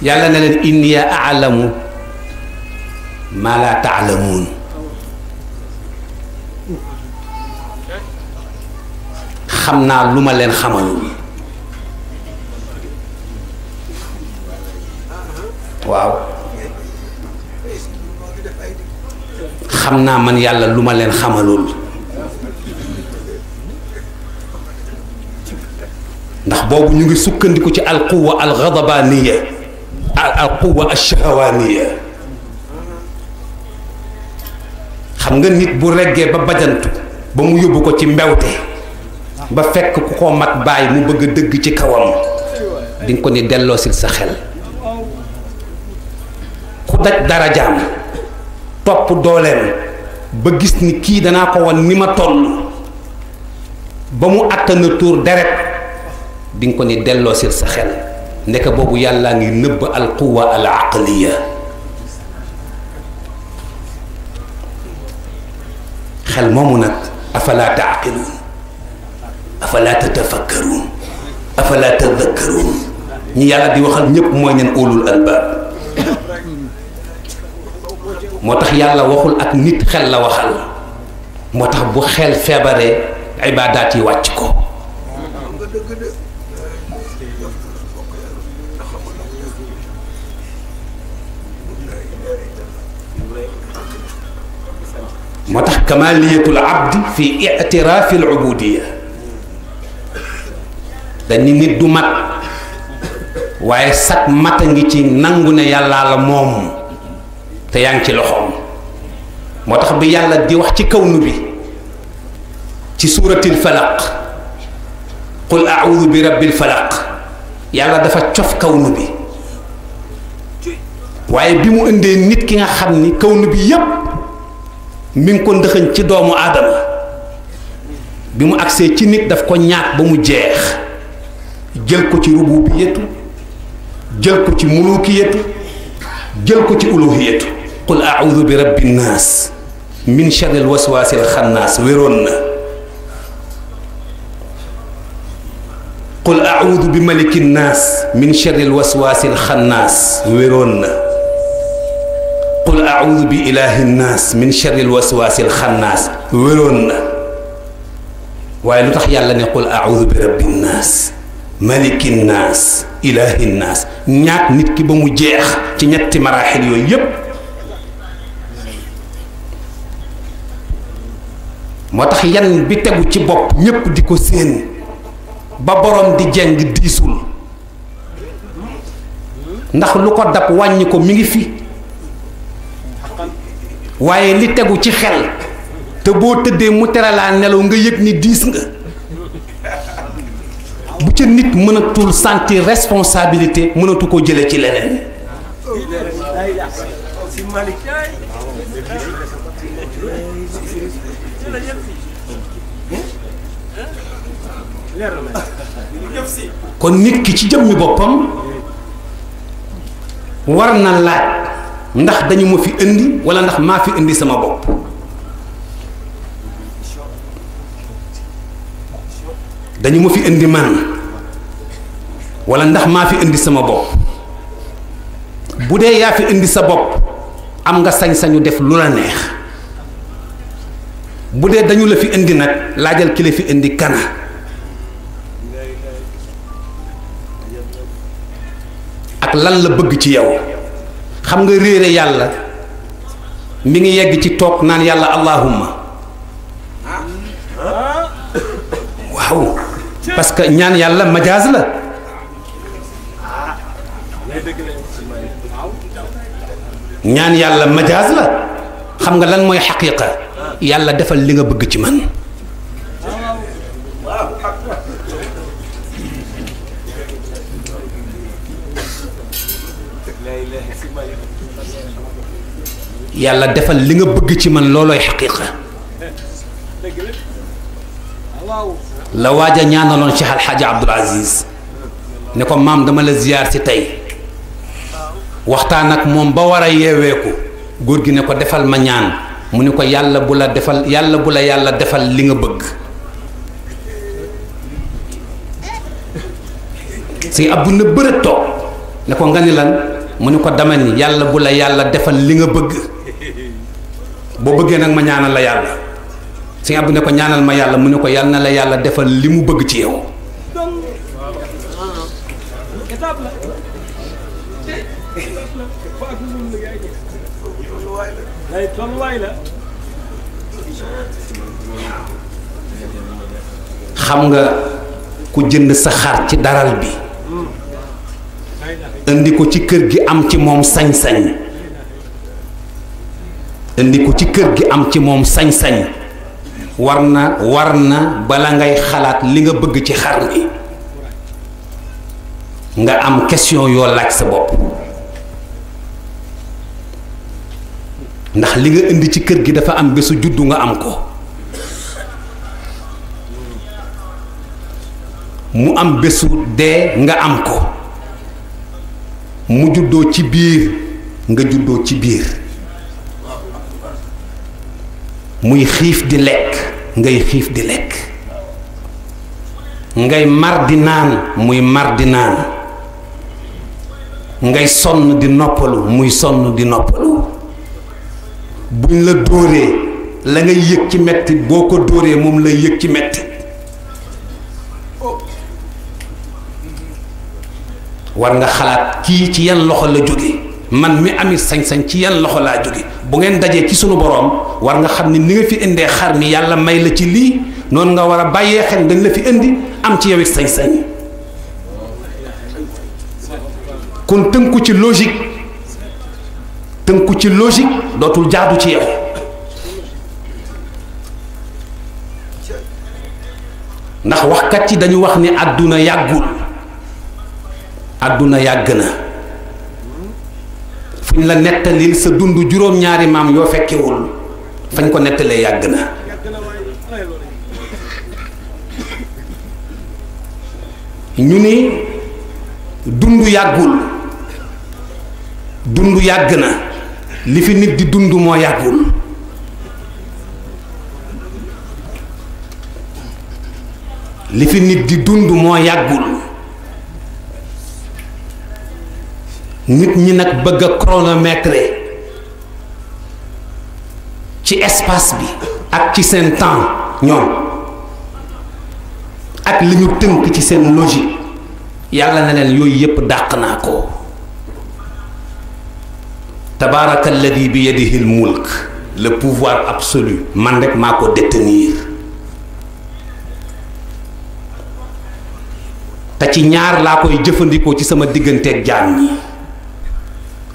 yàlla na leen inniya alamu maa laa taalamuun xam naa lu ma leen xamalul waaw xam naa man yàlla lu ma leen xamalul ndax boobu ñu ngi sukkandiku ci alquwa algadabaniya alquwa alshahawaniya xam nga nit bu reggee ba bajantu ba mu yóbbu ko ci mbewte ba fekk ku ko mat bàyyi mu bëgg a dëgg ci kawam di ko ni delloosil sa xel ku daj darajaam topp dooleem ba gis ni kii danaa ko wan ni ma toll ba mu àttana tuur deret di nga ko ni delloo sil sa xel nekk boobu yàllaa ngi nëbb alquwa al aqliya xel moomu nag afala taaqiluun afala tatafakkaruun afala tadakkaruun ñi yàlla di waxal ñépp mooy nen ulul albaab moo tax yàlla waxul ak nit xel la waxal moo tax bu xel feebaree ibaadaat yi wàcc ko moo tax kamaliyatul abdi fi itiraafi al ubudiya dañu nit du mat waaye sag a ngi ci nangu ne yàllaa la moom te yaa ngi ci loxoom moo tax bi yàlla di wax ci kawnu bi ci suuratil falaq qul audu bi rabbil falaq yàlla dafa cof kawnu bi waaye bi mu indee nit ki nga xam ni kawnu bi yépp mi ngi ko ndëxëñ ci doomu aadama bi mu agsee ci nit daf ko ñaat ba mu jeex jël ko ci rububiyatu jël ko ci mulukiyatu jël ko ci uluhiyatu qul audu bi rabbi nnaas min sharri alwaswaasi alxannaas wéroon na qul audu bi maliki nnaas min sharri alwaswaasi alxannaas wéroon na qul audu bi ilahi nnaas min sharri lu tax yàlla ne qul audu bi ñaat nit ki ba mu jeex ci ñetti maraaxil yooyu yépp moo tax yan bi tegu ci bopp ñépp di ko séen ba borom di jeng diisul ndax lu ko dab wàññi ko mi ngi fi waaye li tegu ci xel te boo tëddee mu teralaa nelaw nga yëg ni diis nga bu ca nit mënatul sentir responsabilité mënatu ko jële ci leneen kon nit ki ci jëmmi boppam war na laaj ndax dañu ma fi indi wala ndax maa fi indi sama bopp dañu ma fi indi man wala ndax maa fi indi sama bopp bu dee yaa fi indi sa bopp am nga sañ-sañu def lu la neex bu dee dañu la fi indi nag laajal ki la fi indi kana ak lan la bëgg ci yow xam nga réer yàlla mi ngi yegg ci toog naan yàlla allahumma waaw parce que ñaan yàlla majaas la ñaan yàlla majaas la xam nga lan mooy xaqiiqa yàlla defal li nga bëgg ci man yàlla defal li nga bëgg ci man loolooy xaqiqa la waaj a ñaanaloon Cheikh Alxaaji Abdul Aziz ne ko maam dama la ziyaar si tey waxtaan ak moom ba war a yeeweeku góor gi ne ko defal ma ñaan mu ne ko yàlla bu la defal yàlla bu yàlla defal li nga bëgg si abdu na bërët yàlla bu la yàlla defal li nga bëgg boo bëggee nag ma ñaanal la yàlla sëñ Abdou ne ko ñaanal ma yàlla mu ne ko yàlla na la yàlla defal li mu bëgg ci yow xam nga ku jënd sa xar ci daral bi indi ko ci kër gi am ci moom sañ-sañ indi ko ci kër gi am ci moom sañ-sañ war na war na bala ngay xalaat li nga bëgg ci xar mi nga am question yoo laaj sa bopp ndax li nga indi ci kër gi dafa am bésu juddu nga am ko mu am bésu dee nga am ko mu juddoo ci biir nga juddoo ci biir muy xiif di lekk ngay xiif di lekk ngay mar di naan muy mar di naan ngay sonn di noppalu muy sonn di noppalu buñ la dóoree la ngay yëg ci metti boo ko dóoree moom lay yëg ci metti war nga xalaat kii ci yan loxo la jóge man mi amit sañ-sañ ci yan loxo laa jóge bu ngeen dajee ci sunu boroom war nga xam ni ni nga fi indee xar mi yàlla may la ci lii noonu nga war a bàyyee xel dañ la fi indi am ci yow it sañ-sañ kon tënku ci logique tënku ci logique dootul jaadu ci yow ndax waxkat yi dañu wax ni àdduna yàggul àdduna yàgg na fuñ la nettalil sa dund juróom-ñaari maam yoo fekkewul fañ ko nettalee yàgg na ñu ni dund yàggul dund yàgg na li fi nit di dund moo yàggul li fi nit di dund moo yàggul nit ñi nag bëgg a chronométrer ci espace bi ak ci seen temps ñoom ak li ñu tënk ci seen logique yàlla na leen yooyu yépp dàq naa ko tabaaraka alladi bi yadihi l mulk le pouvoir absolu man rek maa ko détenir te ci ñaar laa koy jëfandikoo ci sama digganteeg jaam ñi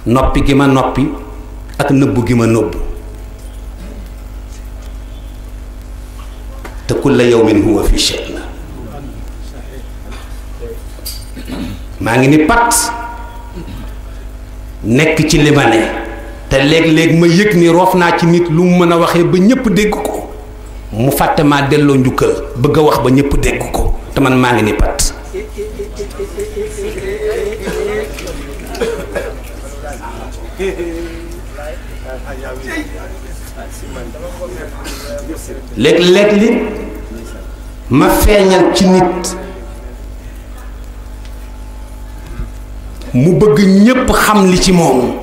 noppi gi ma noppi ak nëbbu gi ma nopp te kulla yawmin huwa fi sha'n maa ngi ni pat nekk ci li ma ne te léeg-léeg ma yëg ni roof naa ci nit lu mu mën a waxee ba ñépp dégg ko mu fàtte maa delloo njukkal bëgg a wax ba ñépp dégg ko te man maa ngi ne pat léeg-léeg eh, li eh, eh, ma feeñal ci nit mu bëgg ñépp xam li ci moom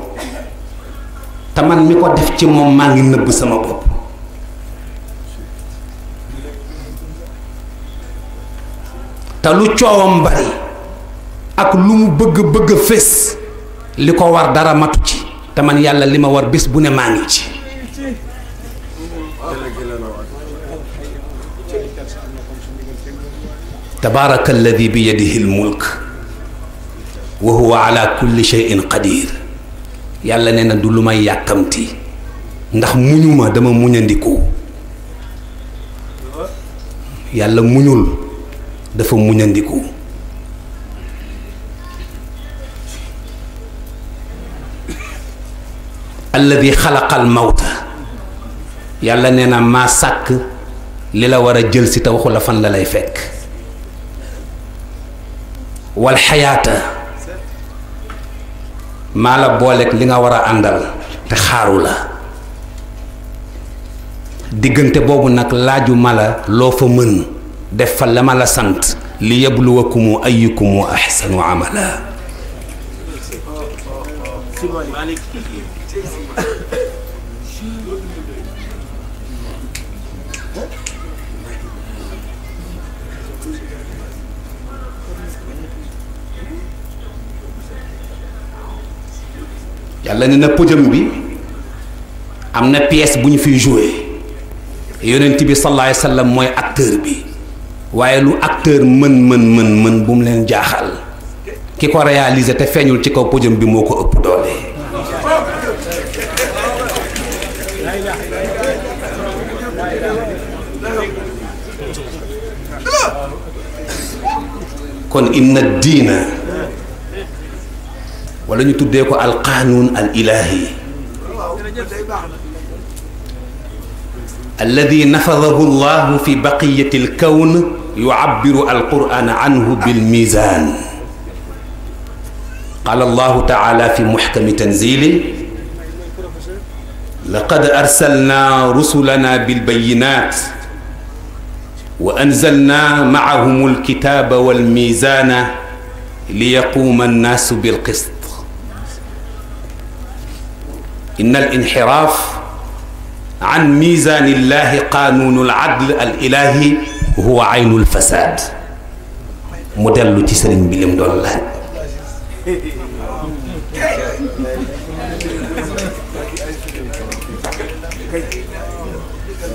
te man mi ko def ci moom maa ngi nëbb sama bopp te lu coowam bari ak lu mu bëgg bëgg fés li ko war dara matu ci te yàlla li ma war bés bu ne maa ngi ci tabaaraka alladi bi yadihi almulk wa huwa ala kulli shay'in qadir yàlla nee na du lu may yàkkamti ndax muñu ma dama muñandiku yàlla muñul dafa muñandiku alladi xalaqal mawta yàlla nee na maa sàkk li la war a jël si te waxu la fan la lay fekk wal xayaata maa la booleeg li nga war a àndal te xaaru la diggante boobu nag laaju ma la loo fa mën def fa la ma la sant li yabluwakumu ayyukumu axsanu amala yàlla ne na podium bi am na pièce bu ñu fiy joué yonent bi sallallahu alayhi mooy acteur waaye lu acteur mën mën mën mën bu mu leen jaaxal ki ko réalisé te feeñul ci kaw podium bi moo ko ëpp doole. kon inna diina wala ñu tuddee ko alqaanuun al ilaahi alladi nafadahu llahu fi baqiyati alkawn yucabbiru alquran anhu bilmiizaan qaala allahu taala fi muxkami tanziili laqad arsalnaa rusulanaa bilbayinaat wa anzalna maahum alkitaaba walmiizaana li yaquuma annaasu bilqist inna alinxiraaf an miizaani illahi qaanuunu aladl al ilahi huwa aynu alfasaad mu dellu ci sëriñ bi lim doon laaj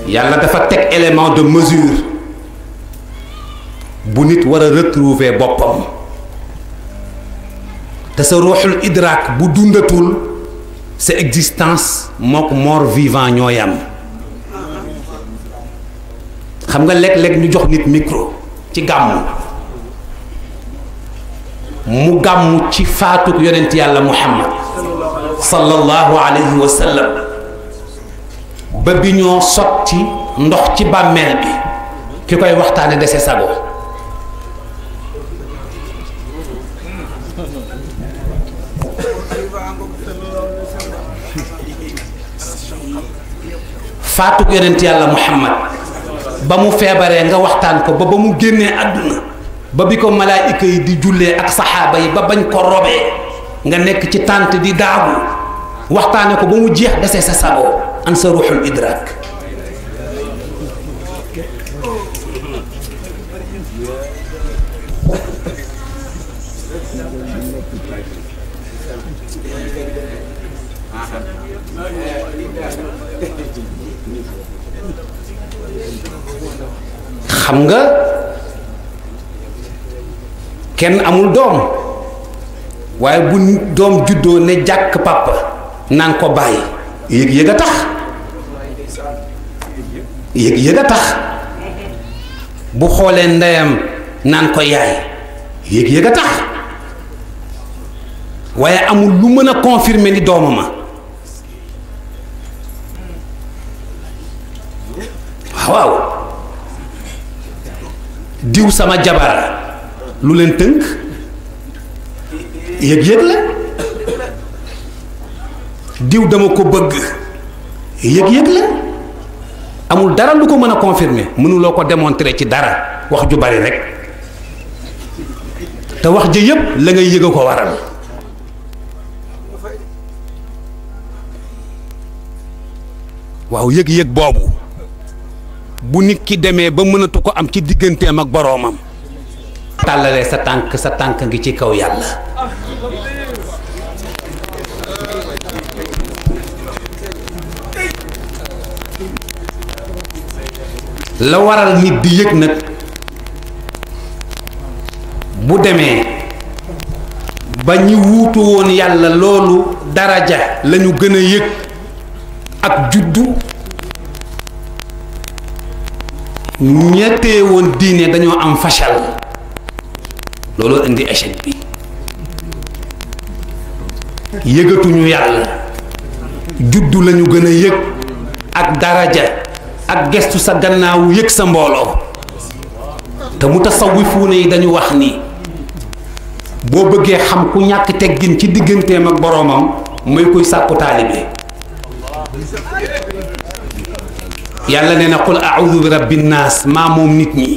yàlla dafa teg élément de mesure bu nit war a retrouver boppam te sa ruuxul idraak bu dundatul sa existence mook mort vivant ñoo yam xam nga léeg-léeg ñu jox nit mikro ci gàmm mu gàmm ci faatuk yonent yàlla muhammad sallallahu alayhi wa sallam ba bi ñoo sotti ndox ci bàmmeel bi ki koy waxtaane dese sago faatug yonent yàlla muhammad ba mu feebaree nga waxtaan ko ba ba mu génnee àdduna ba bi ko malaayika yi di jullee ak saxaaba yi ba bañ ko robee nga nekk ci tànt di daagu waxtaane ko ba mu jeex desee sa saboo an sa ruuxul idrak xam nga kenn amul doom waaye bu doom juddoo ne jàkk papa naan ko bàyyi yëg yëg a tax yëg yëg a tax bu xoolee ndeyam naan ko yaay yëg yëg a tax waaye amul lu mën a confirmer ni doomama waaw waaw diw sama jabar lu leen tënk yëg-yëg la diw dama ko bëgg yëg-yëg la amul dara lu ko mën a confirmer mënuloo ko démontrer ci dara wax ju bari rek te wax ji yépp la ngay yëg a ko waral waaw yëg-yëg boobu bu nit ki demee ba mënatu ko am ci digganteem ak boroomam. tàllalee sa tànk sa tànk ngi ci kaw yàlla. la waral nit di yëg nag bu demee ba ñu wuutu woon yàlla loolu dara ja lañu gën a yëg ak juddu. ñettee woon diine dañoo am fachal looloo indi échec bi yëgatuñu yàlla juddu lañu gën a yëg ak daraja ak gestu sa gannaaw yëg sa mbooloo te mu tasawifuuna yi dañu wax ni boo bëggee xam ku ñàkk teggin ci digganteem ak boroomam mooy kuy sàkku taalibe yàlla nee na qul a'udhu bi rabbi naas maa moom nit ñi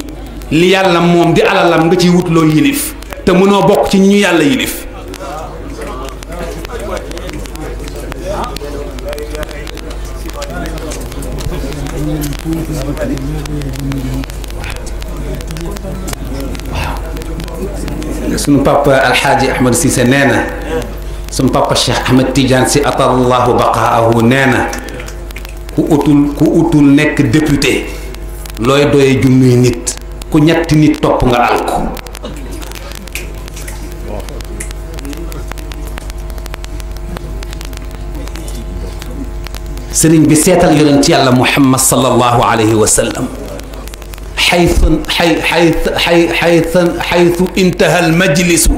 li yàlla moom di alalam nga ciy wut loo yilif te mënoo bokk ci ñi ñu yàlla yilif waaw suñu papa alxaaji ahmad Cissé nee na suñu papa cheikh ahmad tidiane si atallahu baqaahu nee na ku utul ku utul nekk député looy doye junniy nit ku ñetti nit topp nga alko sëriñ bi seetal yonent yàlla muhammad sallallahu alayhi wa sallam xaytu xay xay xaytu intaha almajlisu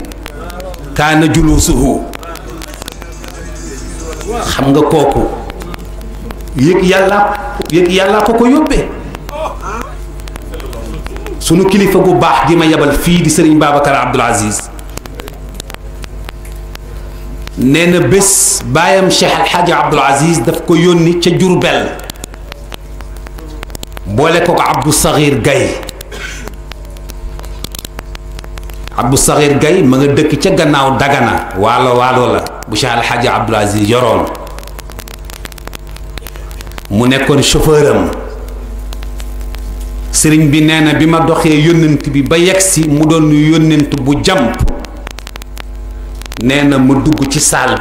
kaana julusuhu xam nga kooku yëg yàllaa yëg yàllaa ko ko yóbbee sunu kilifa gu baax gi ma yebal fii di sëriñ Babacar Abdoul Aziz nee na bés baayam Cheikh El Hadj Abdoul Aziz daf ko yónni ca Jurbel boole ko ko Abdou Sakhir Gaye Abdou Sakhir Gaye ma nga dëkk ca gannaaw Dagana waalo waalo la bu Cheikh El Hadj Abdoul Aziz mu nekkoon chauffeur sëriñ bi nee na bi ma doxee yónnent bi ba yegsi mu doon yónnent bu jàmp nee na ma dugg ci saal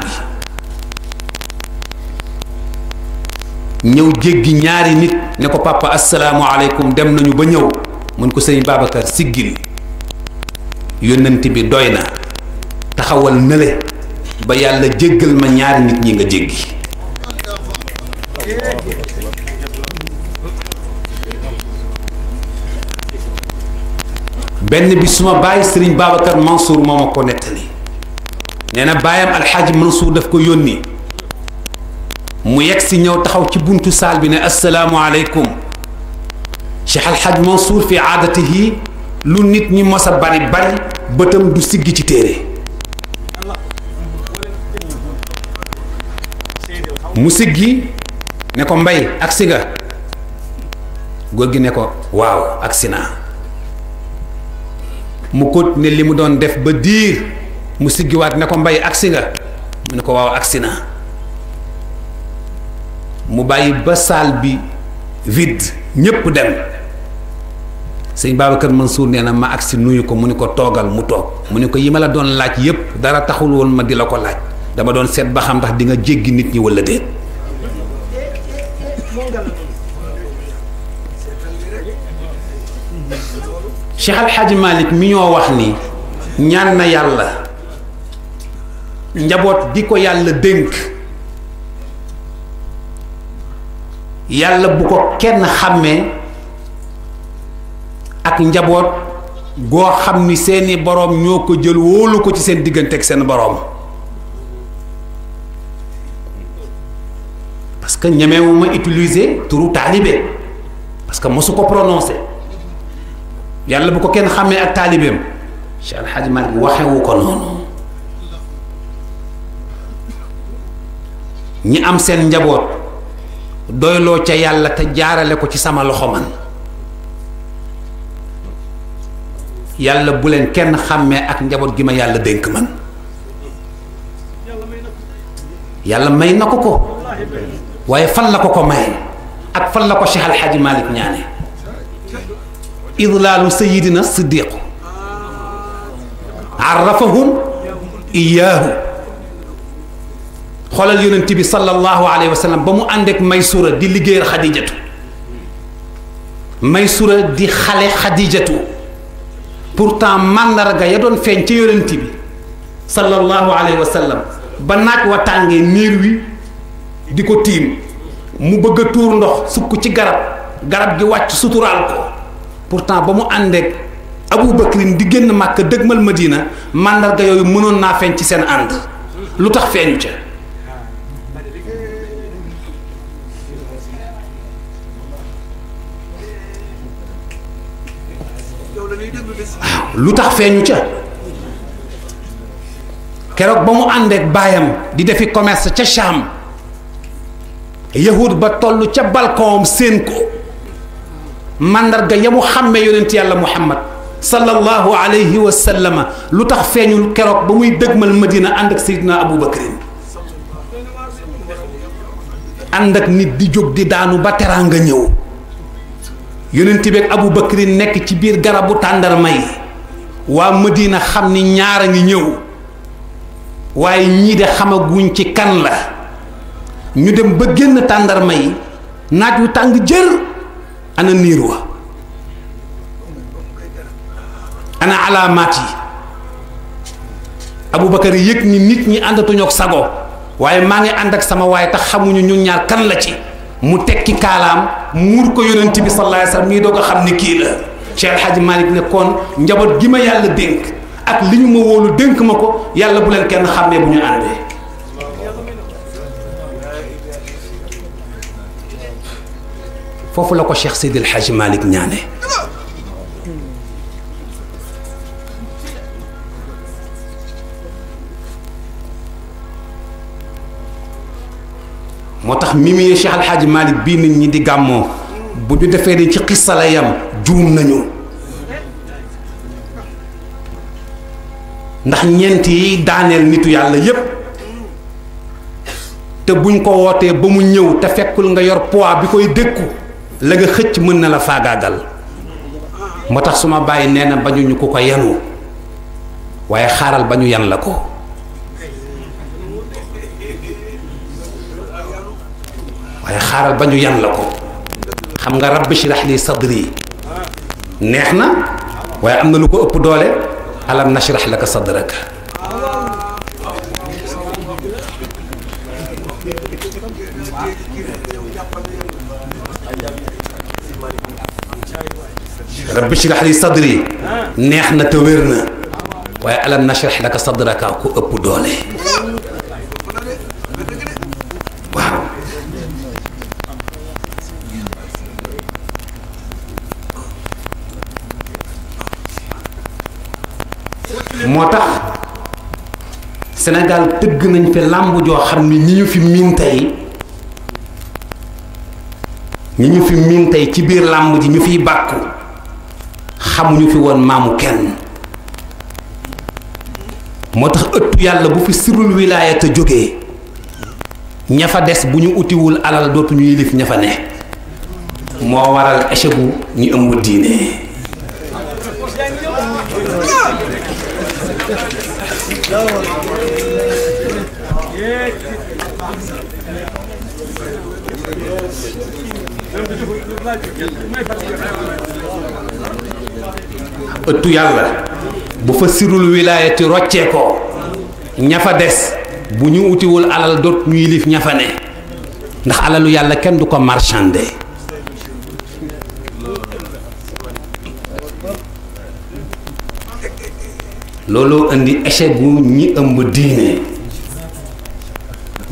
bi ñëw jéggi ñaari nit ne ko papa asalaamualeykum dem nañu ba ñëw mun ko sëriñ Babacar siggil yónnent bi doy na taxawal nële ba yàlla jéggal ma ñaari nit ñi nga jéggi benn bi suma bàyyi sëriñ Babacar Mansour moo ma ko nettali nee na bàyyam alxaaji Mansour daf ko yónni mu yegg ci ñëw taxaw ci buntu saal bi ne asalaamualeykum Cheikh alxaaji Mansour fi aadatihi lu nit ñi mos a bari bari bëtam du siggi ci téere mu siggi ne ko mbay agsi si nga góor gi ne ko waaw agsi naa mu kóot ne li mu doon def ba diir mu siggiwaat ne ko mbay agsi si nga mu ne ko waaw agsi si naa mu bàyyi ba saal bi vide ñépp dem sëñ Babacar Mansour nee na ma agsi nuyu ko mu ne ko toogal mu toog mu ne ko yi ma la doon laaj yépp dara taxul woon ma di la ko laaj dama doon seet ba xam ndax di nga jéggi nit ñi walla déet Cheikh Al mi ñoo wax ni ñaan na yàlla njaboot bi ko yàlla dénk yàlla bu ko kenn xàmmee ak njaboot goo xam ni seeni boroom ñoo ko jël wóolu ko ci seen diggante ak seen boroom parce que ñemewuma utiliser turu taalibe parce que mosu ko prononcer. yàlla bu ko kenn xàmmee ak taalibeem Cheikh Al Hadj Malick waxewu ko noonu ñi am seen njaboot doyloo ca yàlla te jaarale ko ci sama loxo man yàlla bu leen kenn xàmmee ak njaboot gi ma yàlla dénk man yàlla may na ko ko waaye fan la ko ko may ak fan la ko Cheikh Al Hadj idlaalu sayidina siddiqu arrafahum iyaahu xoolal yonent bi sallallahu alayhi wa ba mu ànd ak maysura di liggéeyal xadijatu maysura di xale xadijatu pourtant màndarga ya doon feeñ ci yonent bi sallallahu alayhi wa sallam ba naaj wa tàngee niir wi di ko tiim mu bëgg a tuur ndox sukk ci garab garab gi wàcc suturaal ko pourtant ba mu àndeek Abu Bakrin di génn Màkka dëgmal Madina màndarga yooyu mënoon naa feeñ ci seen ànd lu tax feeñu ca lu tax feeñu ca keroog ba mu àndeek baayam di defi commerce ca Cham yahud ba toll ca balkonam séen ko màndarga yamu xàmmee yonent yàlla muhammad sallallahu alayhi wa lu tax feeñul keroog ba muy dëgmal madina ànd ak sayidina abubakarin ànd ak nit di jóg di daanu ba teraanga ñëw yonent bi ak abubakarin nekk ci biir garabu tàndarma yi waa madina xam ni ñaar a ngi ñëw waaye ñii de xamaguñ ci kan la ñu dem ba génn tàndarma yi naaj wu tàng jër ana niir wa ana alaamaat yi Aboubacar yëg ni nit ñi àndatuñu ak sago waaye maa ngi ànd ak sama waaye tax xamuñu ñun ñaar kan la ci mu tekki kaalaam muur ko yonent bi sallallahu alayhi wasallam ñii doog a xam ni kii la Cheikh Hadji Malick ne kon njaboot gi ma yàlla dénk ak li ñu ma wóolu dénk ma ko yàlla bu leen kenn xàmmee bu ñu àndee. foofu la ko Cheikh Seydil Hadj malik ñaane moo tax mimi Cheikh Al Hadj Malick bii nit ñi di gàmmoo bu ñu defee ni ci xissa la yam juum nañu ndax ñeent yi daaneel nitu yàlla yépp te buñ ko wootee ba mu ñëw te fekkul nga yor poids bi koy dëkku la nga xëcc mën na la faagaagal moo tax suma bàyyi nee na bañuñu ku ko yanu waaye xaaral ba ñu yan la ko waaye xaaral ba ñu yan la ko xam nga rabbi lii li lii neex na waaye am na lu ko ëpp doole alam nashrah laka rekk rabbi shrah li sadri neex na te wér na waaye la nashrah laka sadraka ku ëpp doole moo tax senegal tëgg nañ fi làmb joo xam ne ñi ñu fi miin tey ñi ñu fi miin tey ci biir làmb ji ñu fiy bàkku xamuñu fi woon maamu kenn moo tax ëttu yàlla bu fi sirul wilaaya te jógee ña fa des bu ñu utiwul alal dootuñu yilif ña fa ne moo waral échec bu ñu ëmb diine ëttu yàlla bu fa sirul wilaayati rocceekoo ña fa des bu ñu wutiwul alal doot ñu yilif ña fa ne ndax alalu yàlla kenn du ko marchandé looloo indi échec gu ñi ëmb diine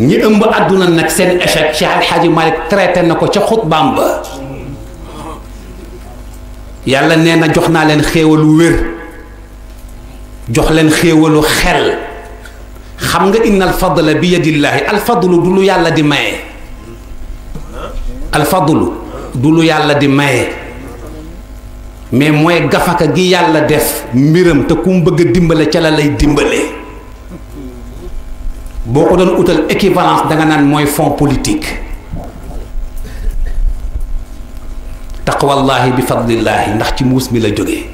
ñi ëmb àdduna nag seen échec Cheikh Alxaaji Malik traité na ko ca xutbaam ba yàlla nee na jox naa leen xéewalu wér jox leen xéewalu xel xam nga inna alfadla bi yadillaahi alfadlu du lu yàlla di maye alfadlu du lu yàlla di maye mais mooy gafaka gi yàlla def mbiram te kum bëgg dimbale ca la lay dimbale boo ko doon wutal équivalence danga naan mooy fonds politique taqwallaahi bi fadlillaahi ndax ci muus mi la jógee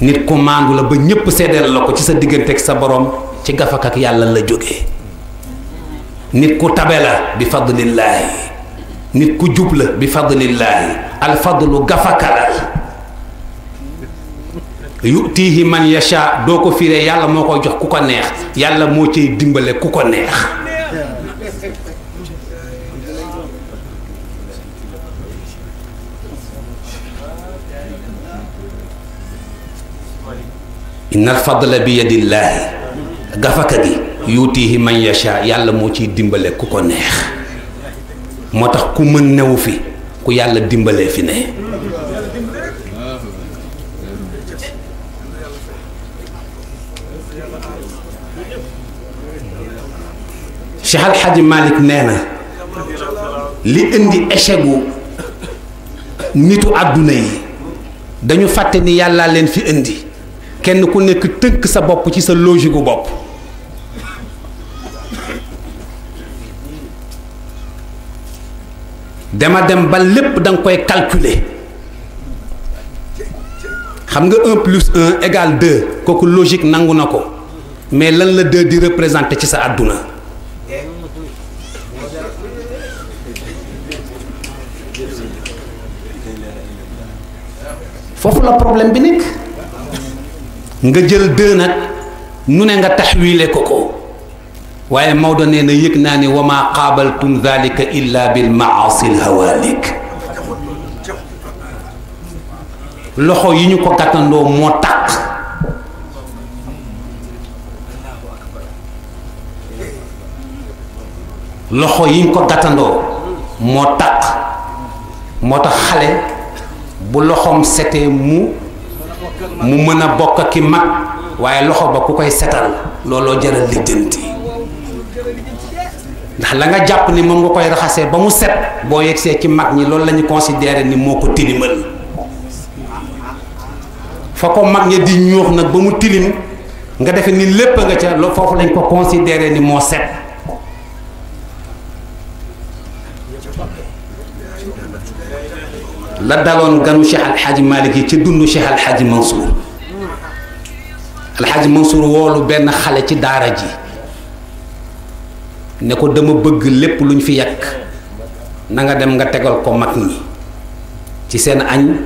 nit ku maandu la ba ñépp seddeel la ko ci sa diggante ak sa boroom ci gafak ak yàlla la jógee nit ku tabe la bi fadlillaahi nit ku jub la bi fadlillaahi alfadlu gafaka la yutiihi man yasha doo ko firee yàlla moo koy jox ku ko neex yàlla moo cay dimbale ku ko neex innal fadla bi yadillaahi gafaka yuutihi man yasha yàlla moo ciy dimbale ku ko neex moo tax ku mën newu fi ku yàlla dimbalee fi ne Cheikh Al Hadj nee na li indi échec gu nitu àdduna yi dañu fàtte ni yàllaa leen fi indi kenn ku nekk tënk sa bopp ci sa logique gu bopp dama dem ba lépp da nga koy calculer xam nga un plus un égale deux kooku logique nangu na ko mais lan la deux di représenter ci sa àdduna foofu la problème bi nekk. nga jël deux nag nu ne nga taxwiile ko ko waaye Maodo nee na yëg naa ne wa maa qaabaltum dalika illa bil maasi lhawaalik loxo ko gàttandoo moo loxo yi ñu ko gàttandoo moo tàq moo tax xale bu loxoom setee mu mu mën a bokk ak ki mag waaye loxo ba ku koy setal looloo jaral lijjanti ndax la nga jàpp ni moom nga koy raxasee ba mu set boo yegsee ci mag ñi loolu la ñu considéré ni moo ko tilimal fa ko mag ña di ñuux nag ba mu tilim nga defe ni lépp nga ca foofu lañ ko considéré ni moo set la daloon ganu Cheikh Al Hadj Malick ci dundu Cheikh Al Hadj Mansour Al Hadj Mansour woolu benn xale ci daara ji ne ko dama bëgg lépp luñ fi yàkk nanga dem nga tegal ko mag ñi ci seen añ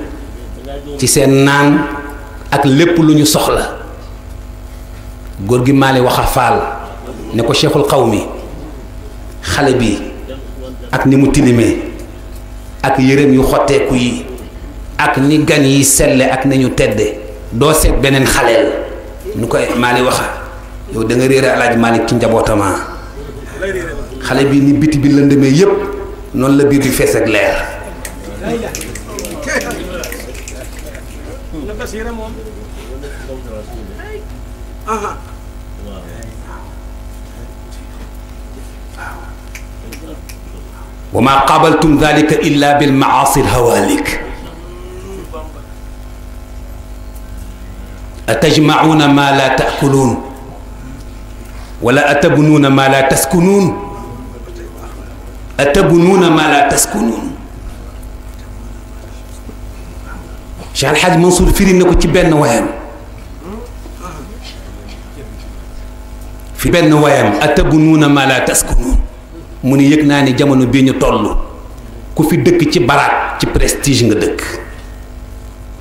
ci seen naan ak lépp lu ñu soxla góor gi maali wax a ne ko cheikhul xaw mi xale bi ak ni mu tilimee ak yërëm yu xotteeku yi ak ni gan yi selle ak nañu tedde doo seet beneen xaleel nu koy maali waxa yow da nga alaaj Malick ci njabootama ah. xale bi ni biti bi lëndëmee yépp noonu la biir bi fees ak leer wa maa qaabaltum dalika illa bil maasi lhawaalik atajmacuuna maa laa taakuluun wala atabnuuna maa laa taskunuun atabnuuna maa laa taskunuun Cheikh Alxaaj Mansour firi na ko ci benn wayam fi benn wayam atabnuuna maa laa taskunuun mu ne yëg naa ni jamono bii ñu toll ku fi dëkk ci baraat ci prestige nga dëkk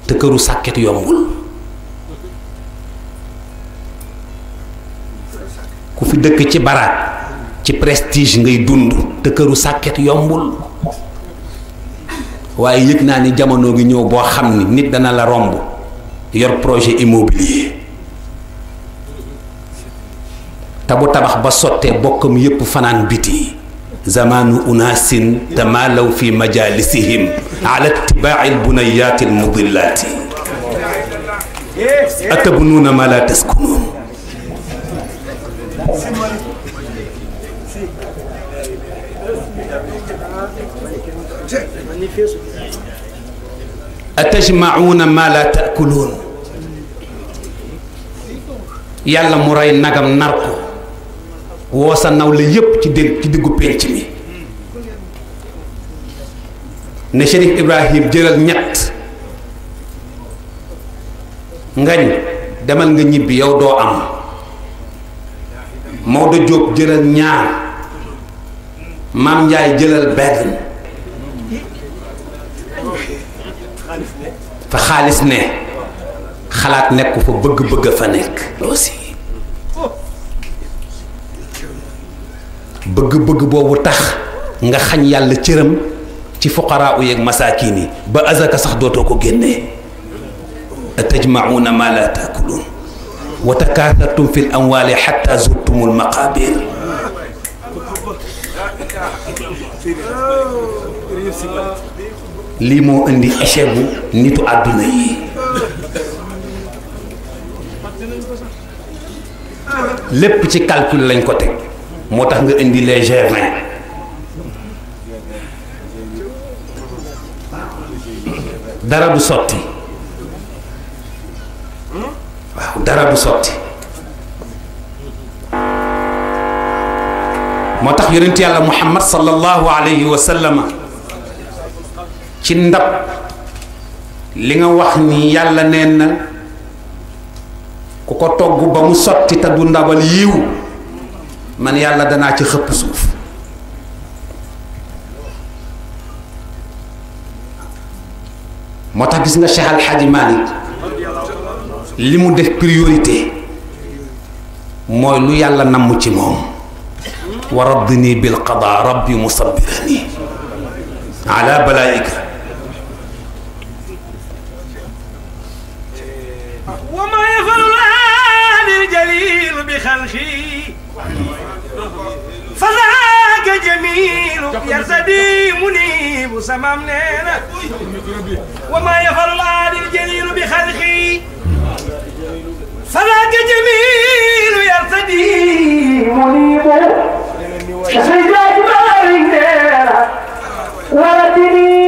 te këru sàkket yombul ku fi dëkk ci baraat ci prestige ngay dund te këru sàkket yombul waaye yëg naa ni jamono gi ñëw boo xam ne nit dana la romb yor projet immobilier te bu tabax ba sottee bokkam yépp fanaan bi zamanu unaasin tamaalaw fi majalisihim ala itibaaci lbunayaati almudillaati atabnuuna ma la taskunuun atajmacuuna ma la taakuluun yàlla mu rey nagam nar ko woo sa nawle yépp ci dégg ci diggu pénc mi ne Chérif Ibrahim jëlal ñett ngañ demal nga ñibbi yow doo am Maodo Diop jëlal ñaar Maam Njaay jëlal benn fa xaalis ne xalaat nekk fa bëgg-bëgg fa nekk bëgg-bëgg boobu tax nga xañ yàlla cëram ci fuqaraa u yeeg masaakiin yi ba azaka sax dootoo ko génne atajmauna ma la taakuluun wa takaasartum fi l zurtumul maqaabir lii moo indi échec bu nitu àdduna yi lépp ci calcul lañ ko teg moo tax nga indi les G20 dara du sotti waaw dara du sotti moo tax yonent yàlla Muhammad sallallahu alayhi wa sallama ci ndab li nga wax ni yàlla neen na ku ko togg ba mu sotti te du ndabal yiw ma yàlla danaa ci xëpp suuf moo gis nga Cheikh li mu def priorité mooy lu yàlla nammu ci moom wa raddini bil qadaa rabbi musabbirani ala balaika wa ma yafalul alil jalil bi xalqi فذاك جميل يرتدي منيب سمام نينا وما يفعل العاد الجليل بخلقي فذاك جميل يرتدي منيب سيدنا جبال نينا ولدني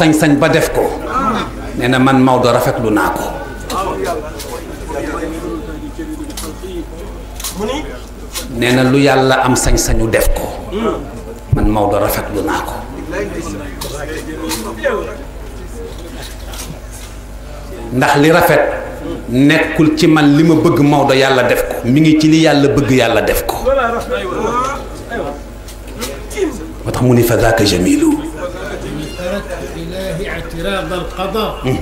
sañ-sañ ba def ko nee na man Maodo rafetlu naa ko nee na lu yàlla am sañ-sañu def ko man Maodo rafetlu naa ko ndax li rafet nekkul ci man li ma bëgg Maodo yàlla def ko mi ngi ci li yàlla bëgg yàlla def ko moo tax mu ni fa daaka jamilu إفراد القضاء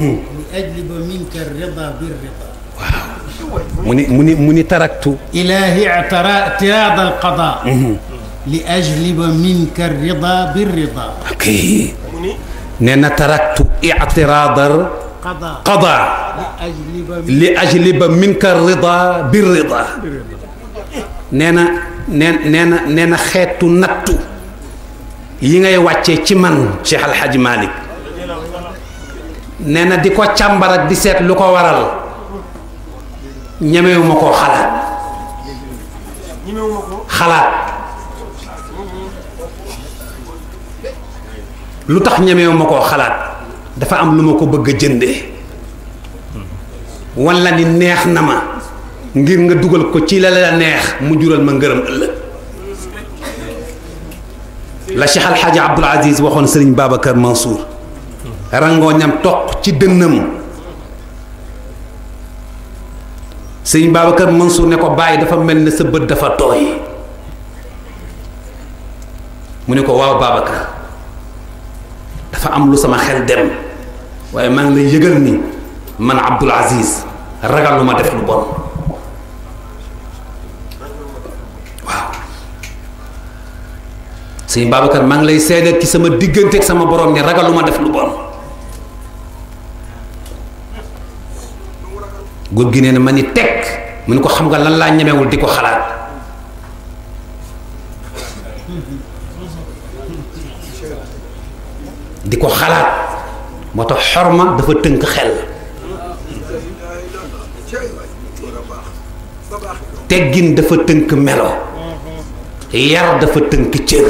لأجلب منك الرضا بالرضا waaw mu ni mu ni mu ni taraktu إلهي اعتراض القضاء لأجلب منك الرضا بالرضا ok nee na taraktu اعتراض القضاء لأجلب منك الرضا بالرضا nee na nee na nee na xeetu nattu yi ngay wàccee ci man Cheikh Alhaji Malick nee na di ko càmbar ak di seet lu ko waral ñemewuma koo xalaat xalaat lu tax ñemewuma koo xalaat dafa am lu ma ko bëgg a jëndee walla ni neex na ma ngir nga dugal ko ci la la neex mu jural ma ngërëm ëllëg la Cheikh Al Hadj Abdoul Aziz waxoon Serigne Babacar Mansour. rangooñam toq ci dënnam sëñ Babacar Mansour ne ko bàyyi dafa mel ne sa bët dafa tooy mu ne ko waaw Babacar dafa am lu sama xel dem waaye maa ngi lay yëgal ni man Abdul Aziz ragal lu ma def lu bon waaw sëñ Babacar maa ngi lay seedeel ci sama diggante ak sama borom ni ragal ma def lu bon góor gi nee na ma ni teg mu ne ko xam nga lan laa ñemewul di ko xalaat di ko xalaat moo tax ma dafa tënk xel teggin dafa tënk melo yar dafa tënk cër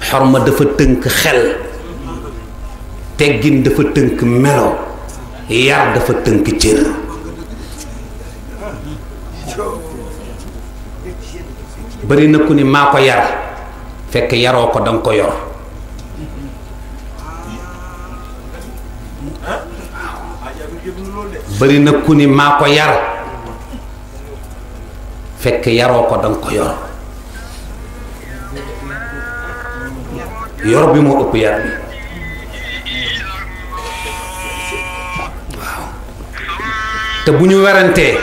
xorma dafa tënk xel teggin dafa tënk melo yar dafa tënk cër bari na ku ni maa fekk yaroo ko danga ko bari na ku ni maa ko yar fekk yaroo ko danga ko yor yor bi moo ëpp yar bi te bu ñu werantee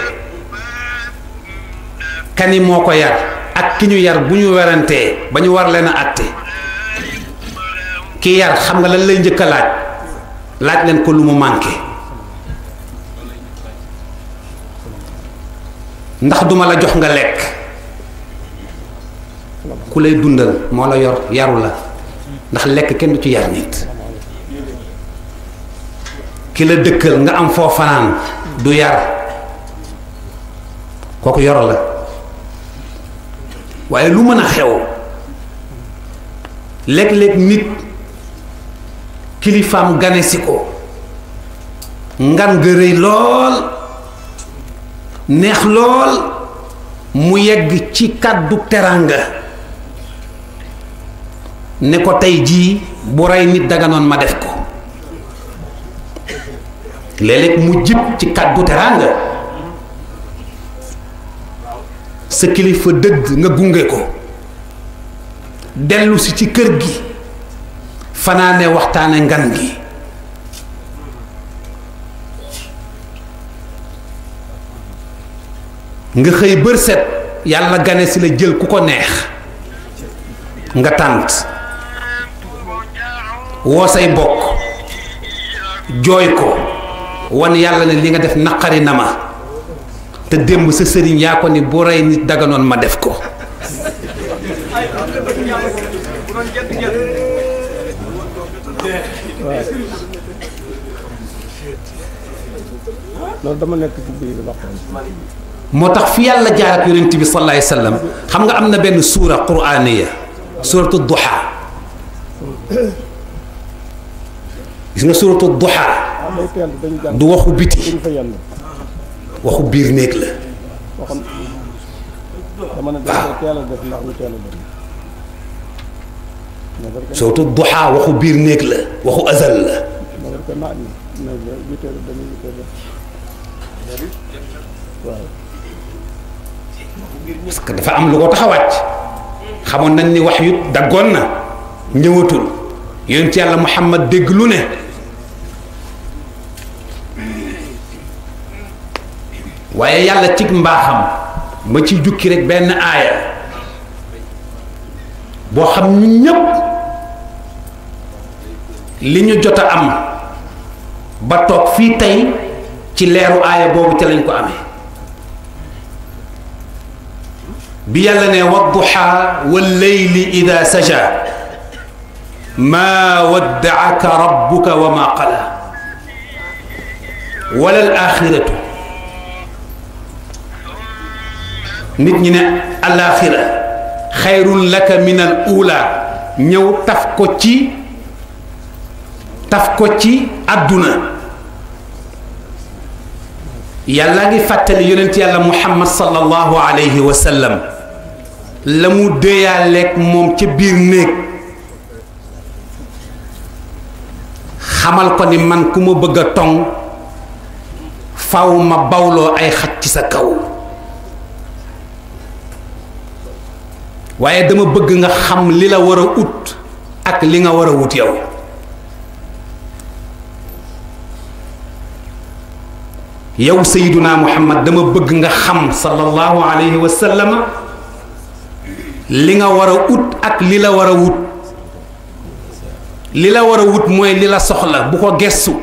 kani moo ko yar ak ki ñu yar bu ñu werantee ba ñu war leen a àtte ki yar xam nga lan lay njëkk laaj laaj leen ko lu mu manqué ndax duma la jox nga lekk ku lay dundal moo la yor yaru la ndax lekk kenn du ci yar nit ki la dëkkal nga am foo fanaan du yar kooku yor la waaye lu mën a xew léeg-léeg nit kilifaam gane si ko ngan ga rëy lool neex lool mu yegg ci kàddu teraanga ne ko tey jii bu rey nit daganoon ma def ko léeg mu jib ci kàddu teraanga sa kilifa dëgg nga gunge ko dellusi ci kër gi fanaane waxtaane ngan gi nga xëy bër set yàlla gane si la jël ku ko neex nga tànt woo say bokk jooy ko wan yàlla ne li nga def naqari na ma te démb sa sëriñ yaa ko ni bu rey nit daganoon ma def ko loolu dama nekk moo tax fi yàlla jaar ak yonent bi sallallahu xam nga am na benn suura quraaniya suuratu duha gis nga suratu duha du waxu biti waxu biir néeg la waaw suratu duha waxu biir néeg la waxu azal la dafa am lu ko tax xamoon nañ ni wax yu daggoon na ñëwatul yonent yàlla Muhammad dégg lu ne waaye yàlla cig mbaaxam ma ci jukki rekk benn aaya boo xam ñun ñépp li ñu jot a am ba toog fii tey ci leeru aaya boobu te lañ ko amee bi yàlla ne wadduha wallayli idaa saja ma waddaaka rabbuka wa maa qala wala al nit ñi ne alaaxira xayrun laka minal uulaa ñëw taf ko ci taf ko ci àdduna yàlla ngi fàttali yonent yàlla muhammad sallallahu alayhi wa sallam la mu déyaaleeg moom ca biir néeg xamal ko ni man ku ma bëgg a tong faw ma bawloo ay xaj ci sa kaw waaye dama bëgg nga xam li la war a ut ak li nga war a wut yow yow sayyiduna muhammad dama bëgg nga xam sallallahu alayhi wa li nga war a ut ak li la war a wut li la war a wut mooy li la soxla bu ko gestu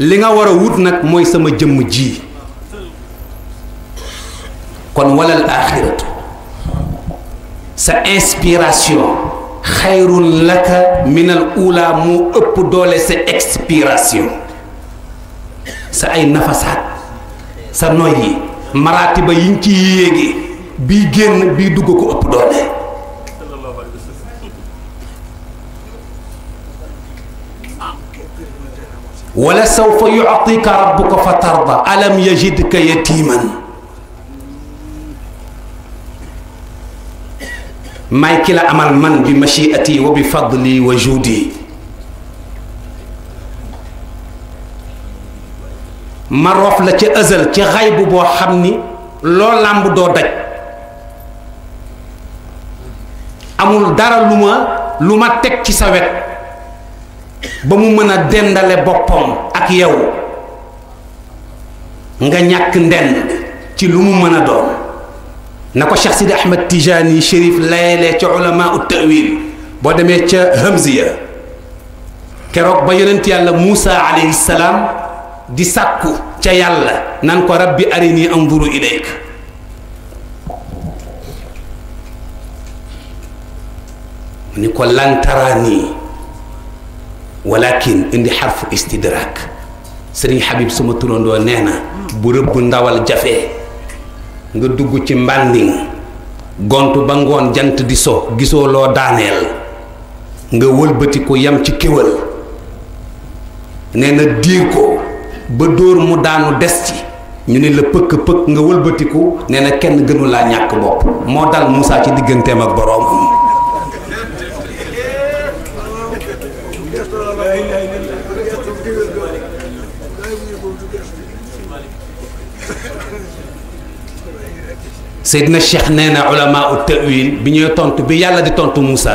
li nga war a wut nag mooy sama jëmm ji kon walal axiratu sa inspiration xayrun laka minal ula moo ëpp doole sa expiration sa ay nafasaat sa noy yi maraatiba yi nga ci yéegee bii génn bii dugg ko ëpp doole wala sawfa yu'tika rabbuka fa tarda alam yajidka yatiman may ki la amal man bi machiati wa bi fadli wa juudi ma roof la ca ësal ci xaybu boo xam ni loo làmb doo daj amul dara lu ma lu ma teg ci sa wet ba mu mën a dendale boppam ak yow nga ñàkk ndend ci lu mu mën a doon na ko Cheikh Sidi Ahmed Tijani Chérif layelee ca ulama ut boo demee ca Hamziya keroog ba yonent yàlla Moussa alayhi di sàkku ca yàlla nan ko rabbi arini anzuru ilayk ni ko lan taraani walakin indi xarfu istidrak sëriñ Habib suma turandoo nee na bu rëbb ndawal jafe. nga dugg ci mbànding gont ba ngoon jant di so gisoo loo daaneel nga wëlbatiku yam ci kéwal nee na diir ko ba dóor mu daanu des ci ñu ni la pëkk-pëkk nga wëlbatiku nee na kenn gënu laa ñàkk bopp moo dal Moussa ci digganteem ak boroomam Seydina Cheikh nee na ulama u tawil bi ñuy tontu bi yàlla di tontu Moussa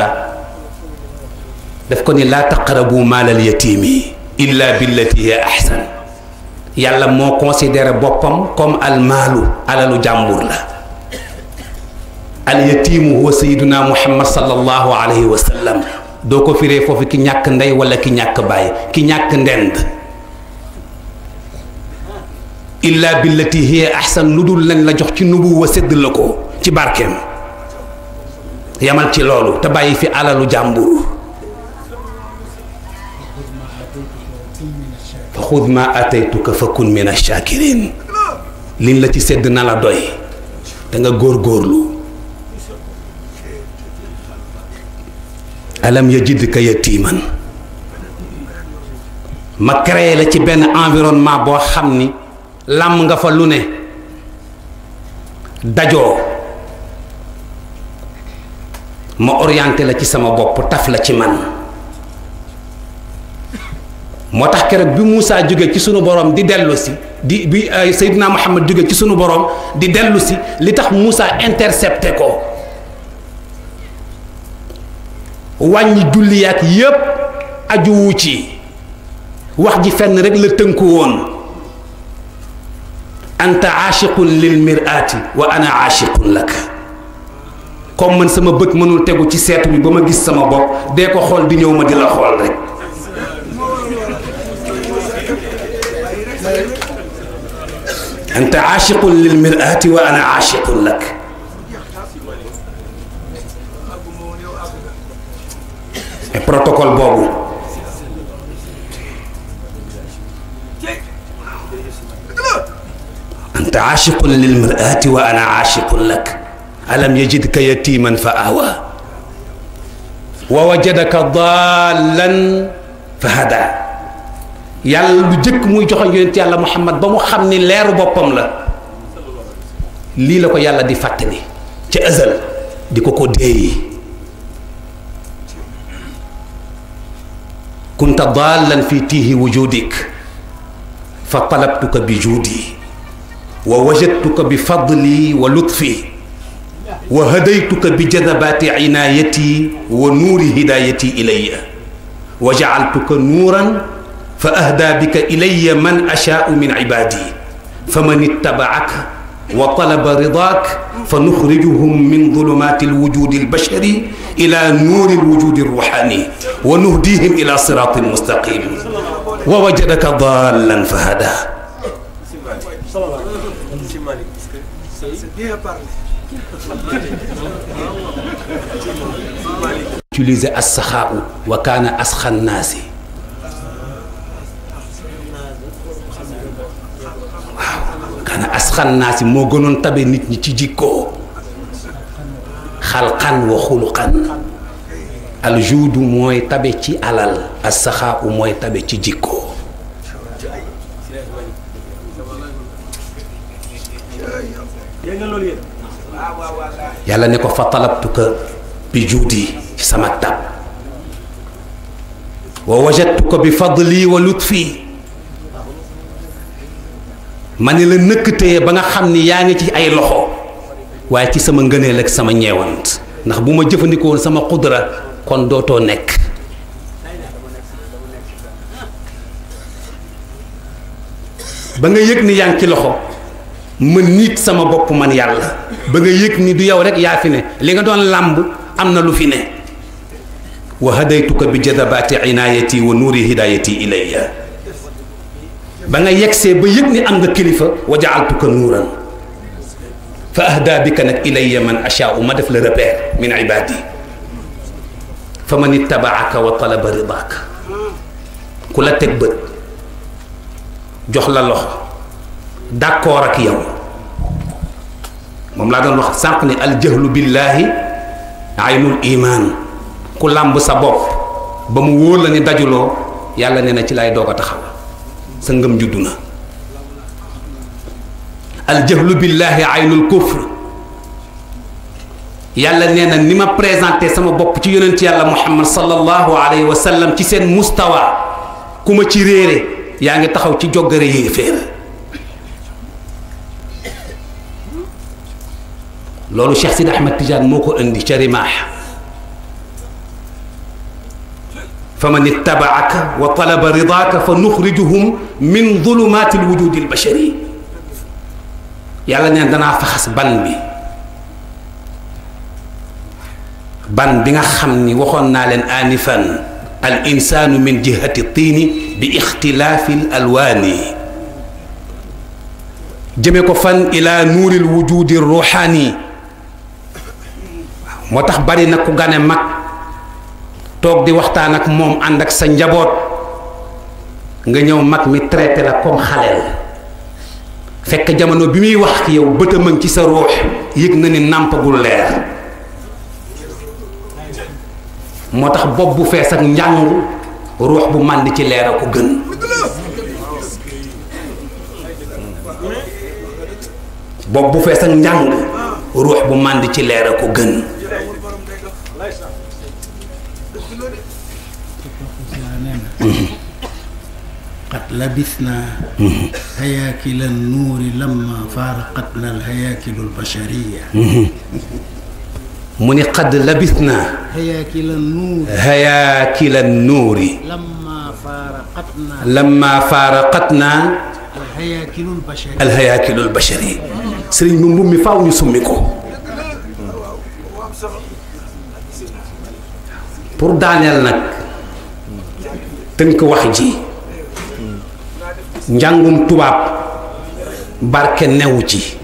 daf ko ni laa taqrabu maalal yatiimi illa billati hiya ahsan yàlla moo considéré boppam comme almaalu alalu jàmbur la al yatiimu huwa sayyiduna muhammad sallallahu alayhi wa doo ko firee foofu ki ñàkk ndey wala ki ñàkk baay ki ñàkk ndend illa billati hiya ahsan lu dul lañ la jox ci nubu wa sédd la ko ci barkeem yamal ci loolu te bàyyi fi alalu jàmbur fa xud ma ataytuka fa kun min liñ la ci sedd na la doy da nga góorgóorlu alam yajidka yatiman ma créé la ci benn environnement boo xam ni làmm nga fa lu ne dajoo ma orienté la ci sama bopp taf la ci man moo tax keroog bi musaa jóge ci sunu borom di dellu si di bi Seydina Muhammad jóge ci sunu borom di dellu si li tax Moussa intercepté ko wàññi julli yaak yépp ajuwu ci wax ji fenn rek la tënku woon anta aachiqun lil miraati wa ana aachiqun lak comme man sama bët mënul tegu ci seetu bi ba ma gis sama bopp dee ko xool di ñëw ma di la xool rek anta aachiqun lil miraati wa ana aachiqun lak et boobu anta aachiqun lil miraati wa ana aachiqun lak alam yajidka yatiman fa awa wa wajadaka daalan fa hada yàlla lu jëkk muy joxoñ yonent yàlla muhammad ba mu xam ni leeru boppam la lii la ko yàlla di fàttali ca ëzal di ko ko déeyi kunta daalan fi tiihi wujudik fa talabtuka bi juudi wa wajadtuka bi fadli wa lutfi wa hadaytuka bi jadabaati inaayati wa nuuri hidaayati ilayya wa jacaltuka nuuran fa ahdaa bika ilayya man ashaau min cibaadi fa man ittabacaka wa talaba ridaak fa nuxrijuhum min dulumaati alwujudi albashari ila nuuri alwujudi alruxaani wa nuhdihim ila siraati almustaqim wa wajadaka daallan fa hadaa bien parlé. as-saxaa'u wa kaana asxan naasi waaw kaana moo gënoon tabe nit ñi ci jikkoo xalqan wa xuluqan aljuudu mooy tabe ci alal as-saxaa'u mooy tabe ci jikko nga yàlla ne ko fa talabtuka bi juudi ci sama tab wa wajadtuka bi fadli wa lutfi ma ne la nëkkatee ba nga xam ni yaa ngi ci ay loxo waaye ci sama ngëneel ak sama ñeewant ndax bu ma jëfandikoo sama xudra kon dootoo nekk ba nga yëg ni yaa ci loxo ma niit sama bopp man yàlla ba nga yëg ni du yow rek yaa fi ne li nga doon làmb am na lu fi ne wa hadaytuka bi jadabaati inaayati wa nuuri hidaayati ilayya ba nga yegsee ba yëg ni am nga kilifa wa jaaltuka nuuran fa ahdaa bika nag ilayya man ashaau ma def la repère min ibaadi fa man ittabaaka wa talaba ridaaka ku la teg bët jox la loxo d'accord ak yow moom laa doon wax sànq ni aljahlu billaahi aynul imaan ku làmb sa bopp ba mu wóor la ni dajuloo yàlla nee na ci lay doog a taxaw sa ngëm juddu na aljahlu billaahi aynul kufr yàlla nee na ni ma présenté sama bopp ci yonent yàlla muhammad sallallahu alayhi wa sallam ci seen mustawa ku ma ci réere yaa ngi taxaw ci joggare yéeféer loolu Cheikh Sidi Ahmed Tidiane moo ko indi ca rimaax fa man ittabaaka wa talaba ridaaka fa nuxrijuhum min dulumaati lwujudi albashari yàlla neen danaa faxas ban bi ban bi nga xam ni waxoon naa leen anifan al insaanu min jihati tiini bi ixtilaafi al alwaani jëme ko fan ila nuuri alwujudi alruuxaani moo tax bari na ku gane mag toog di waxtaan ak moom ànd ak sa njaboot nga ñëw mag mi traité la comme xaleel fekk jamono bi muy wax ak yow bëtam a ngi ci sa ruux yëg na ni nàmpagul leer moo tax bopp bu fees ak njàng ruux bu mànd ci leer a ko bu fees njàng ruux bu mànd ci leer a ko gën qad labisna hayaakila nuuri lamma faaraqatna alhayaakilu albashariya mu ni qad labisna hayaakila nuuri hayaakila nuuri lamma faaraqatna alhayaakilu albashariya sëriñ bi mbubb mi faaw ñu summi ko pour daaneel nag tënk wax ji njàngum tubaab barke newu ci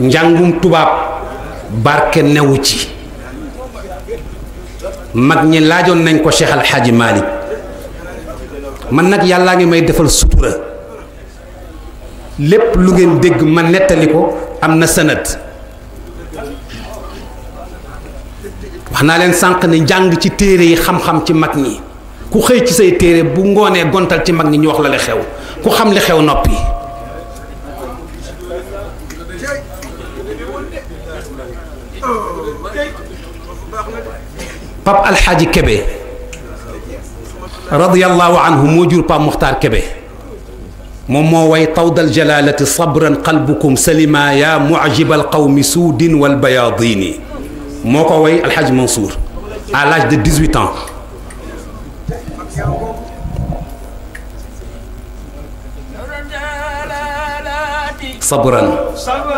njàngum tubaab barke newu ci mag ñi laajoon nañ ko Cheikh Al Hadj Malick man nag yàllaa ngi may defal sutura lépp lu ngeen dégg ma nettali ko am na sanad wax naa leen sànq ni jàng ci téere yi xam-xam ci mag ñi ku xëy ci say téere bu ngoonee gontal ci mag ñi ñu wax la li xew ku xam li xew noppi Pape Alxaaji Kebe radiyallahu anhu moo jur Pape Muxtaar moom moo way tawda jalalati sabran qalbukum salima ya mujibal qawmi suudin wal bayaadini moo ko way Alhaji Mansour à l'âge de dix-huit ans sabran sabran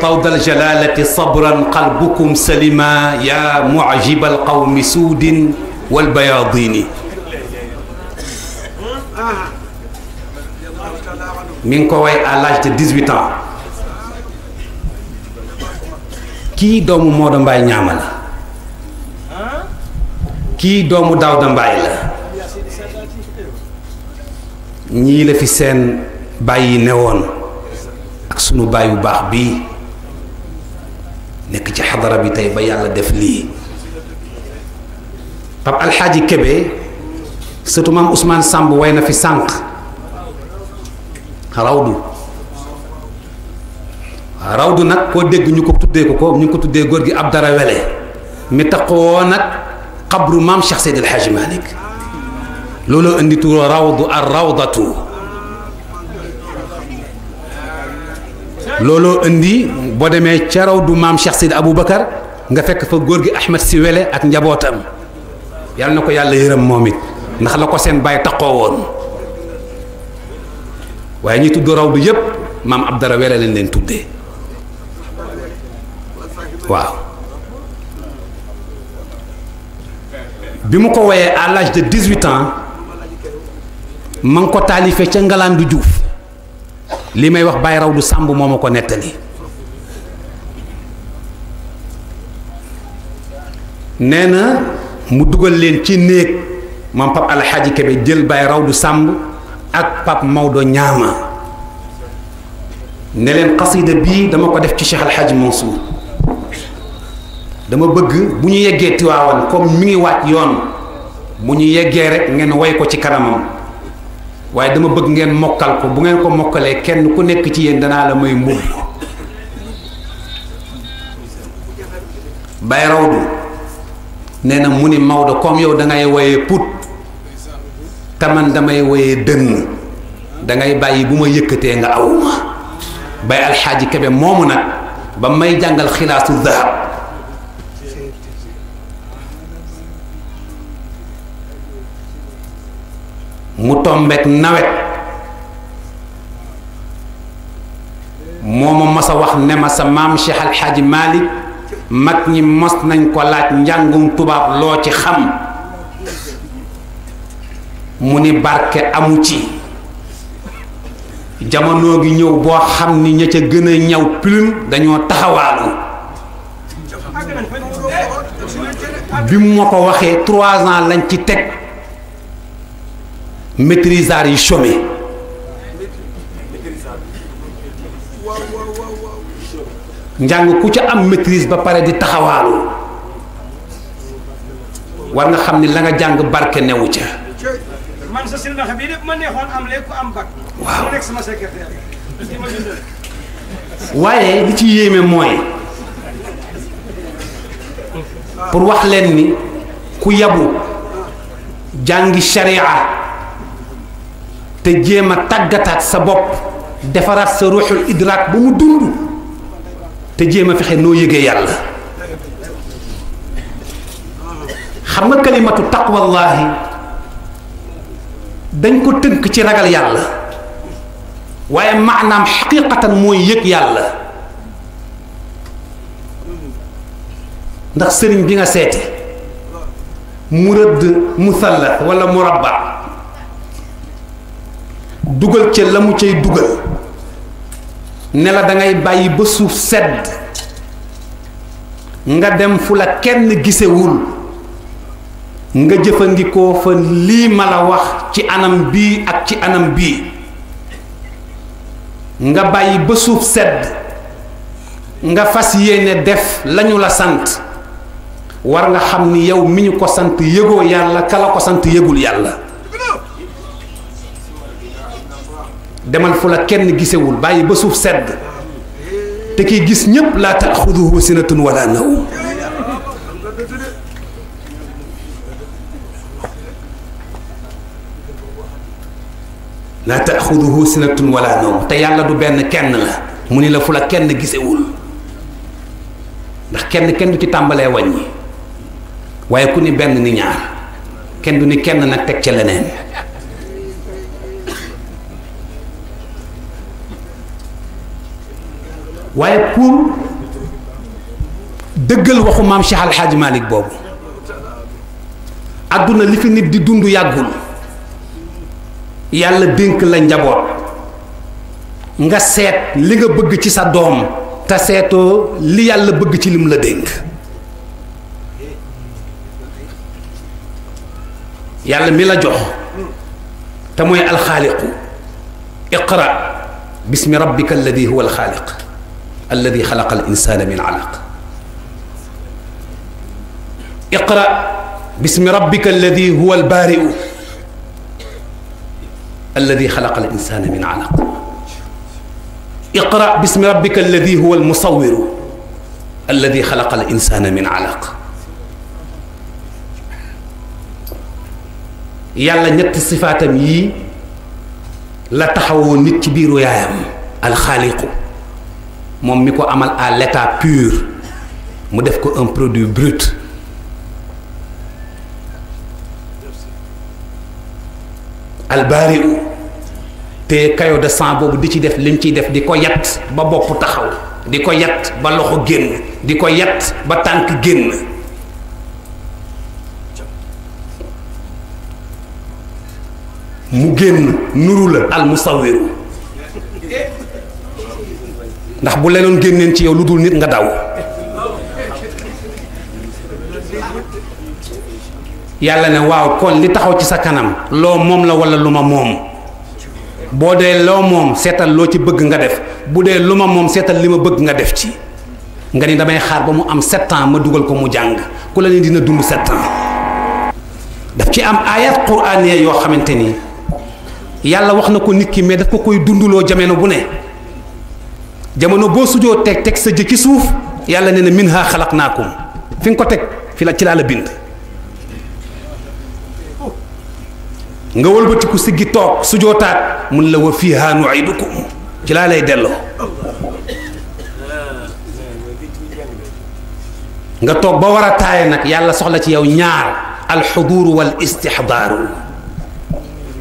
tawdal jalalati sabran qalbukum salima ya mujibal qawmi suudin wal bayaadini mi ngi ko way à l'âge de 18 kii doomu Moodu la kii doomu Daawda Mbaay la fi seen bàyyi newoon ak sunu baay baax bii nekk ci xadara bi tey ba yàlla def lii Pape Alxaaji Kébé surtout maam Ousmane sàmb way na fi sànq rawdu rawdu nag koo dégg ñu ko tuddee ko ko ñu ko tuddee góor gi Abdara Wele mi taxawoo nag xabru maam Cheikh Seydil Hadji Malick looloo indi tuura rawdu ar looloo indi boo demee ca raw du maam Cheikh Sidi bakar nga fekk fa góor gi Ahmed si wele ak njabootam yàlla na ko yàlla yërëm moom it ndax la ko seen bàyyi taxoo woon waaye ñi tudd raw du yëpp maam Abdara wele lañ leen tuddee waaw bi mu ko woyee à l'âge de dix-huit ans ma ngi ko taalifee ca Ngalandu Diouf li may wax Baye Rawdu Sàmb moo ma ko nettali nee na mu dugal leen ci néeg maam Pape Alxaaji Kebe jël raw Rawdu Sàmb ak Pape Maodo ñaama ne leen xasida bii dama ko def ci Cheikh Alxaaji Mansour dama bëgg bu ñu yeggee Tiwaawan comme mi ngi waaj yoon mu ñu yeggee rek ngeen woy ko ci kanamam waaye dama bëgg ngeen mokkal ko bu ngeen ko mokkalee kenn ku nekk ci yéen danaa la may mbubb bay rawdu nee na mu ni Maodo koom yow dangay ngay woyee put taman damay woyee dënn da ngay bàyyi bu ma yëkkatee nga awuma bay alxaaji kebe moomu nag ba may jàngal xilaasu zahab mu tombeek nawet moo ma mos wax ne ma sa maam Cheikh Al Hadj Malick mag ñi mos nañ ko laaj njàngum tubaab loo ci xam mu ni barke amu ci jamono gi ñëw boo xam ni ña ca gën a ñaw plume dañoo taxawaalu bi mu ma ko waxee trois ans lañ ci teg. maîtrisards yi chômé njàng ku ca am maîtrise ba pare di taxawaalu war nga xam ni la nga jàng barke newu ca bii ma neexoon am léegi ku am bac waaw waaye li ci yéeme mooy pour wax leen ni ku yabu jàngi sharia te jéem a tàggataat sa bopp defaraat sa ruuxul idraak ba mu dund te jéem a fexe noo yëgee yàlla xam nga kalimatu taqwallahi dañ ko tënk ci ragal yàlla waaye maanaam xaqiqatan mooy yëg yàlla ndax sëriñ bi nga seeti mu rëdd musalla wala murabba dugal ca la mu cay dugal ne la dangay ngay bàyyi ba suuf sedd nga dem fu la kenn gisewul nga jëfandikoo fa lii ma la wax ci anam bii ak ci anam bi nga bàyyi ba suuf sedd nga fas yéene def lañu la sant war nga xam ni yow mi ñu ko sant yëgoo yàlla kala ko sant yëgul yàlla demal fu la kenn gisewul bàyyi ba suuf sedd te kiy gis ñépp laa taaxuduhu sinatun wala nawm laa taaxuduhu sinatun wala te yàlla du benn kenn la mu ni la fu la kenn gisewul ndax kenn kenn du ci tàmbalee wàññi waaye ku ni benn ni ñaar kenn du ni kenn nag teg ci leneen waaye pour dëggal waxu maam Cheikh Al Hadj boobu àdduna li fi nit di dund yàggul yàlla dénk la njaboot nga seet li nga bëgg ci sa doom te seetoo li yàlla bëgg ci lim la dénk yàlla mi la jox te mooy alxaaliqu iqra bismi rabbika alladi huwa alxaaliq alladi xalaqa al insana min alaq iqra bismi rabbika alladi huwa al baariu alladi xalaqa al insana min alaq iqra bismi rabbika alladi huwa al musawiru alladi xalaqa al insana min alaq yàlla ñetti sifaatam yii la taxawoo nit ci biiru yaayam alxaaliqu moom mi ko amal à l'état pur mu def ko un produit brut albaari u te kayo de sang boobu di ci def lim ciy def di ko yatt ba bopp taxaw di ko yatt ba loxo génn di ko yatt ba tànk génn mu génn nuru la al ndax bu lenoon génneen ci yow lu dul nit nga daw yàlla ne waaw kon li taxaw ci sa kanam loo moom la walla lu ma moom boo dee loo moom seetal loo ci bëgg nga def bu dee lu ma moom seetal li ma bëgg nga def ci nga ni damay xaar ba mu am sept ma dugal ko mu jàng ku la ne dina dund sept daf ci am ayat quraaniya yoo xamante ni yàlla wax na ko nit ki mais daf ko koy dunduloo jamee na bu ne jamono boo sujoo teg teg sa jë suuf yàlla nee na minha xalaqnaakum fi nga ko teg fi la ci laa la bind nga wëlbatiku gi toog sujootaat mun la wa fiha nuidukum ci laa lay delloo nga toog ba war a taaye nag yàlla soxla ci yow ñaar alxuduuru wal istixdaaru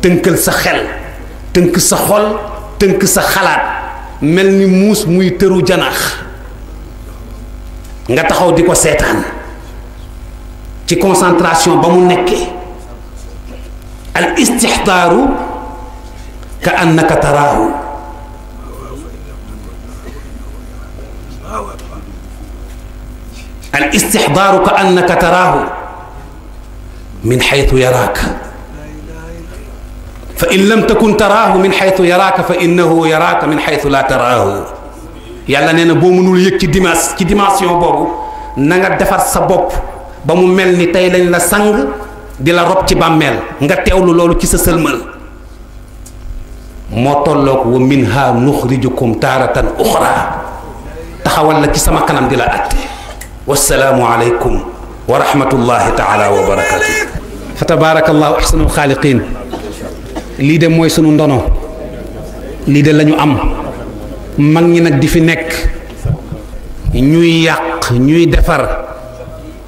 tënkal sa xel tënk sa xol tënk sa xalaat mel ni muus muy tëru janaax nga taxaw di ko seetaan ci concentration ba mu nekkee al istixtaaru ka annaka taraahu al istixtaaru ka annaka taraahu min xaytu yaraaka fa in lam takun taraahu min xaytu yaraaka fa innahu yaraaka min xaytu laa taraahu yàlla nee na boo mënul yëg ci dimas ci dimension boobu na nga defar sa bopp ba mu mel ni tey lañ la sang di la rob ci bàmmeel nga teew lu loolu ci sa sëlmal moo tolloog wa minha nuxrijukum taaratan uxra taxawal la ci sama kanam di la atte wasalaamu aleykum wa rahmatullahi taala wa barakatuh fa tabaarakallahu axsanul xaaliqin lii de mooy sunu ndono lii de lañu am mag ñi nag di fi nekk ñuy yàq ñuy defar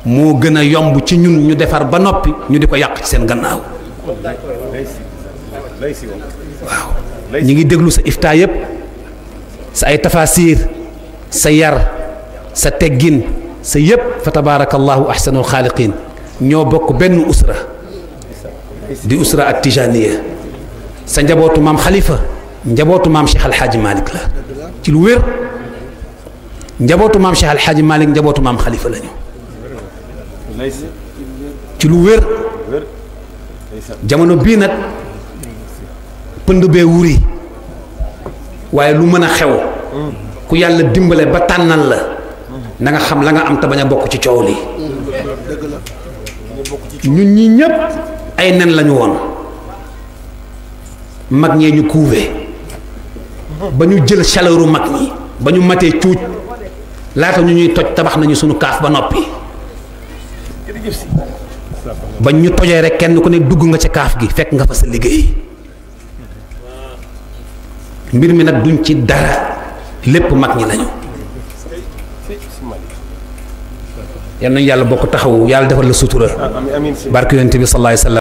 moo gën a yomb ci ñun ñu defar ba noppi ñu di ko yàq ci seen gannaaw waaw ñi ngi déglu sa ifta yépp sa ay tafasir sa yar sa teggin sa yépp fa tabarakallahu ahsanul xaaliqin ñoo bokk benn usra di usra at tijaniya sa njabootu maam xalifa njabootu maam Cheikh Alxaaji Malick la ci lu wér njabootu maam Cheikh Alxaaji Malick njabootu maam xalifa lañu ci lu wér jamono bii nag pënd bee wuri waaye lu mën a xew ku yàlla dimbale ba tànnal la na nga xam la nga am te bañ a bokk ci coow li ñun ñi ñépp ay nen lañu woon mag ñee ñu couvé ba ñu jël chaleur mag ñi ba ñu matee cuuj laata ñu ñuy toj tabax nañu suñu kaaf ba noppi ba ñu tojee rek kenn ku ne dugg nga ci kaaf gi fekk nga fa sa liggéey mbir mi nag duñ ci dara lépp mag ñi lañu yal nañu yàlla bokk taxawu yàlla defal la sutura barke bi sallallahu alayhi wasallam